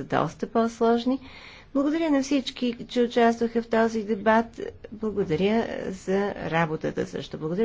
са доста по-сложни. Благодаря на всички, че участваха в този дебат. Благодаря за работата също. Благодаря